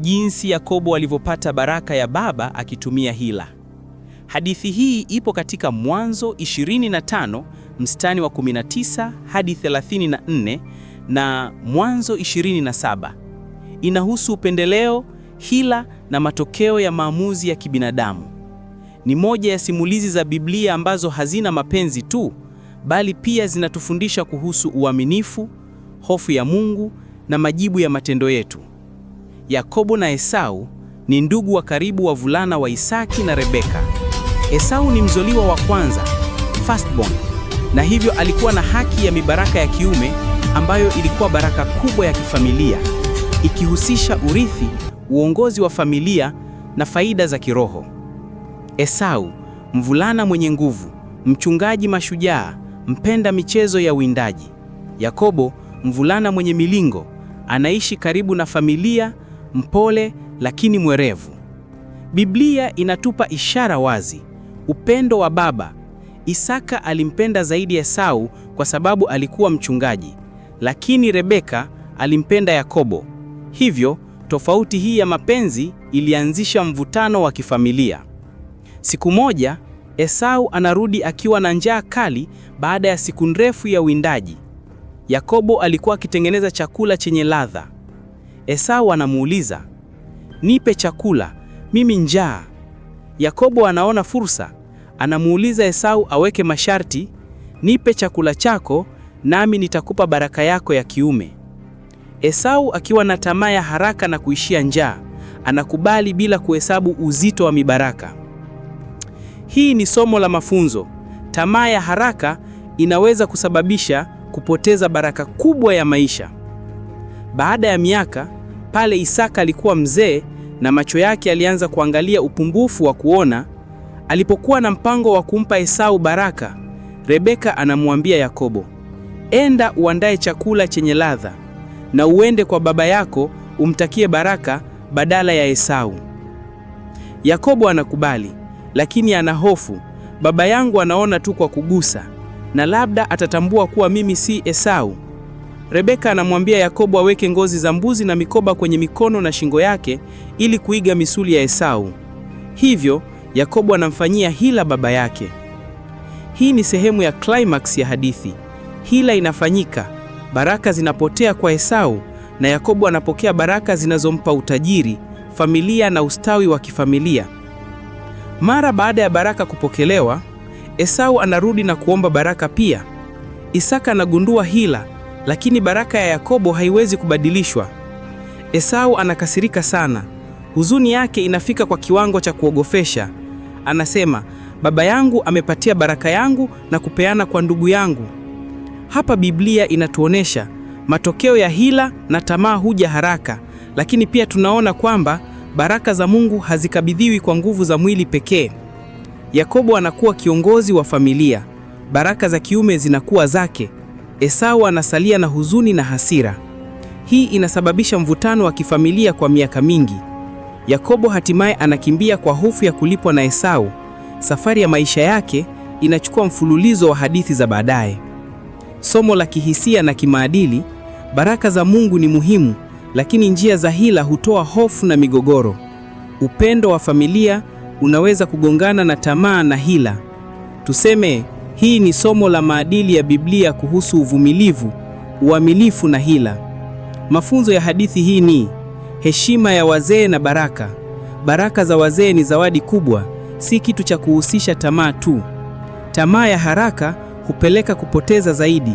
jinsi Yakobo alivyopata baraka ya baba akitumia hila. Hadithi hii ipo katika Mwanzo 25 mstari wa 19 hadi 34 na Mwanzo 27. Inahusu upendeleo, hila na matokeo ya maamuzi ya kibinadamu. Ni moja ya simulizi za Biblia ambazo hazina mapenzi tu, bali pia zinatufundisha kuhusu uaminifu, hofu ya Mungu na majibu ya matendo yetu. Yakobo na Esau ni ndugu wa karibu wavulana wa Isaki na Rebeka. Esau ni mzoliwa wa kwanza, firstborn, na hivyo alikuwa na haki ya mibaraka ya kiume ambayo ilikuwa baraka kubwa ya kifamilia, ikihusisha urithi, uongozi wa familia na faida za kiroho. Esau, mvulana mwenye nguvu, mchungaji mashujaa, mpenda michezo ya uwindaji. Yakobo, mvulana mwenye milingo, anaishi karibu na familia mpole lakini mwerevu. Biblia inatupa ishara wazi, upendo wa baba. Isaka alimpenda zaidi Esau kwa sababu alikuwa mchungaji, lakini Rebeka alimpenda Yakobo. Hivyo tofauti hii ya mapenzi ilianzisha mvutano wa kifamilia. Siku moja Esau anarudi akiwa na njaa kali baada ya siku ndefu ya windaji. Yakobo alikuwa akitengeneza chakula chenye ladha. Esau anamuuliza, nipe chakula, mimi njaa. Yakobo anaona fursa, anamuuliza Esau aweke masharti, nipe chakula chako nami nitakupa baraka yako ya kiume. Esau akiwa na tamaa ya haraka na kuishia njaa, anakubali bila kuhesabu uzito wa mibaraka. Hii ni somo la mafunzo. Tamaa ya haraka inaweza kusababisha kupoteza baraka kubwa ya maisha. Baada ya miaka pale Isaka alikuwa mzee na macho yake alianza kuangalia upungufu wa kuona. Alipokuwa na mpango wa kumpa Esau baraka, Rebeka anamwambia Yakobo, enda uandae chakula chenye ladha na uende kwa baba yako umtakie baraka badala ya Esau. Yakobo anakubali, lakini ana hofu. Baba yangu anaona tu kwa kugusa, na labda atatambua kuwa mimi si Esau. Rebeka anamwambia Yakobo aweke ngozi za mbuzi na mikoba kwenye mikono na shingo yake ili kuiga misuli ya Esau. Hivyo Yakobo anamfanyia hila baba yake. Hii ni sehemu ya climax ya hadithi. Hila inafanyika, baraka zinapotea kwa Esau na Yakobo anapokea baraka zinazompa utajiri, familia na ustawi wa kifamilia. Mara baada ya baraka kupokelewa, Esau anarudi na kuomba baraka pia. Isaka anagundua hila lakini baraka ya Yakobo haiwezi kubadilishwa. Esau anakasirika sana, huzuni yake inafika kwa kiwango cha kuogofesha. Anasema, baba yangu amepatia baraka yangu na kupeana kwa ndugu yangu. Hapa Biblia inatuonesha matokeo ya hila na tamaa huja haraka, lakini pia tunaona kwamba baraka za Mungu hazikabidhiwi kwa nguvu za mwili pekee. Yakobo anakuwa kiongozi wa familia, baraka za kiume zinakuwa zake, Esau anasalia na huzuni na hasira. Hii inasababisha mvutano wa kifamilia kwa miaka mingi. Yakobo hatimaye anakimbia kwa hofu ya kulipwa na Esau. Safari ya maisha yake inachukua mfululizo wa hadithi za baadaye. Somo la kihisia na kimaadili: baraka za Mungu ni muhimu, lakini njia za hila hutoa hofu na migogoro. Upendo wa familia unaweza kugongana na tamaa na hila. Tuseme hii ni somo la maadili ya Biblia kuhusu uvumilivu, uaminifu na hila. Mafunzo ya hadithi hii ni heshima ya wazee na baraka. Baraka za wazee ni zawadi kubwa, si kitu cha kuhusisha tamaa tu. Tamaa ya haraka hupeleka kupoteza zaidi.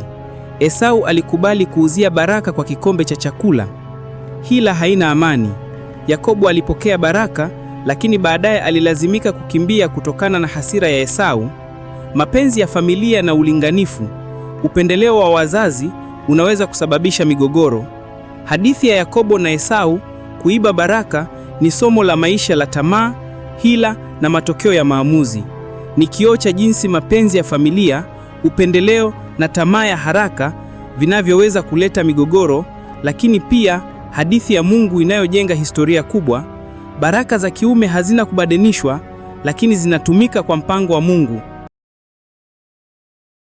Esau alikubali kuuzia Baraka kwa kikombe cha chakula. Hila haina amani. Yakobo alipokea baraka, lakini baadaye alilazimika kukimbia kutokana na hasira ya Esau. Mapenzi ya familia na ulinganifu, upendeleo wa wazazi unaweza kusababisha migogoro. Hadithi ya Yakobo na Esau kuiba baraka ni somo la maisha la tamaa, hila na matokeo ya maamuzi. Ni kioo cha jinsi mapenzi ya familia, upendeleo na tamaa ya haraka vinavyoweza kuleta migogoro, lakini pia hadithi ya Mungu inayojenga historia kubwa. Baraka za kiume hazina kubadanishwa, lakini zinatumika kwa mpango wa Mungu.